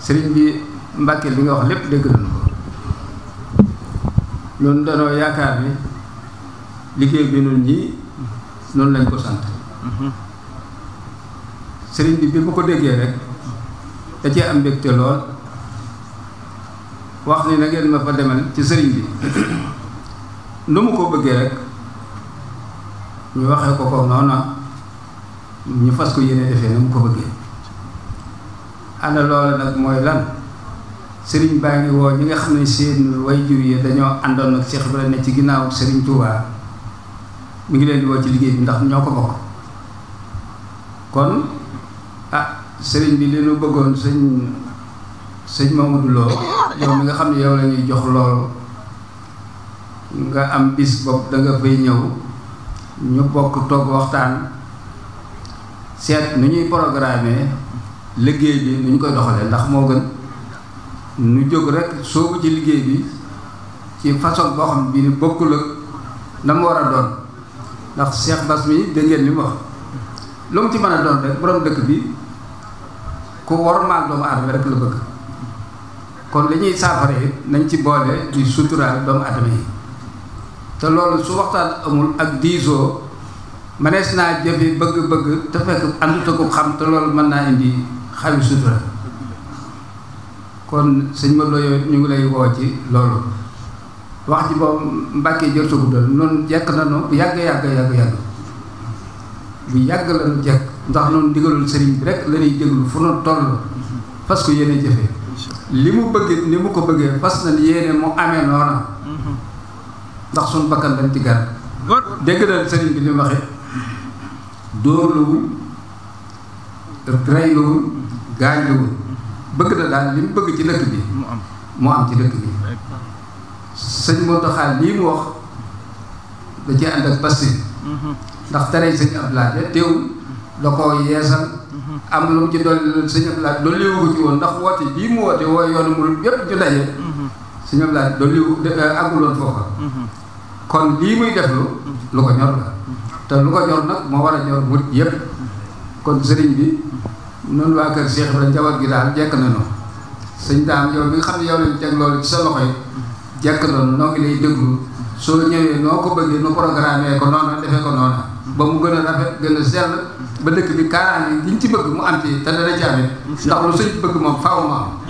sëriñ bi Mbàkke li nga wax lépp dégg nañu ko loolu danoo yaakaar ni liggéey bi noonu ñii noonu lañ ko sant sëriñ bi bi mu ko déggee rek da cee am mbégte lool wax ni na ngeen ma fa demal ci sëriñ bi nu mu ko bëggee rek ñu waxee ko ko noona ñu fas ko yéene defee na mu ko bëggee ana loola nag mooy lan sëriñ baa ngi woo ñi nga xam ne seen wayjur yi dañoo àndoon nag ak Cheikh Ibrahima ne ci ginnaaw sëriñ Touba mu ngi leen di woo ci liggéey bi ndax ñoo ko bokk kon ah sëriñ bi li nu bëggoon sëñ sëñ Mamadou Lo yow mi nga xam ne yow lañuy ñuy jox loolu nga am bis bopp danga nga ñëw ñu bokk toog waxtaan seet nu ñuy programmer liggéey bi nu ñu koy doxalee ndax moo gën nu jóg rek soobu ci liggéey bi ci façon boo xam bii ni bokkul na mu war a doon ndax Cheikh Bass mi dégg ngeen mu wax lu mu ci mën a doon rek borom dëkk bi ku wormaal doomu aadama rek la bëgg kon li ñuy saafara it nañ ci boole di suturaal doomu aadama yi te loolu su waxtaan amul ak diisoo manees naa jëfe bëgg-bëgg te fekk àndut ko xam te lool mën naa indi xawi sutura kon sëñ Modou Lo ñu ngi lay woo ci loolu wax ci boobu Mbàkke jot sugu dal noonu jekk na noonu yàgg yàgg yàgg yàgg bu yàgg lañu nu jekk ndax noonu digalul sëriñ bi rek la ñuy déglu fu nu toll fas ko yéene jëfee li mu bëggee ni mu ko bëggee fas na yéene mu amee noona ndax suñu bakkan dañ ci gar dégg na sëriñ bi li mu waxe dóorluwu reyluwul gaañluwul bëgg na daal li mu bëgg ci dëkk bi mu am ci dëkk bi sëñ Mountakha lii mu wax da ci ànd ak pastin mhm. ndax te sëñ Abdoulaye ko yeesal mhm. am lu mu ci dolli sëñ Abdoulaye dolli wu ci woon ndax woote bii mu woote woo yoonu mu yépp ju daje mhm. sëñ Abdoulaye dolli wu àgguloon eh, foofa kon lii muy def lu lu ko ñor la te lu ko ñor nag moo war a ñor murit yépp kon sëriñ bi noonu waa kër Cheikh Ibrahima njaboot gi daal jekk nañu sëñ daam yow bi nga xam ne yow lañ teg loolu ci sa loxo yi jekk nañu noo ngi lay déglu soo ñëwee noo ko bëggee nu programme ko noonu defee ko noonu ba mu gën a rafet gën a sell ba dëkk bi kaaraange gi ñu ci bëgg mu am ci te dana ci amee ndax lu sëñ bëgg moom faaw ma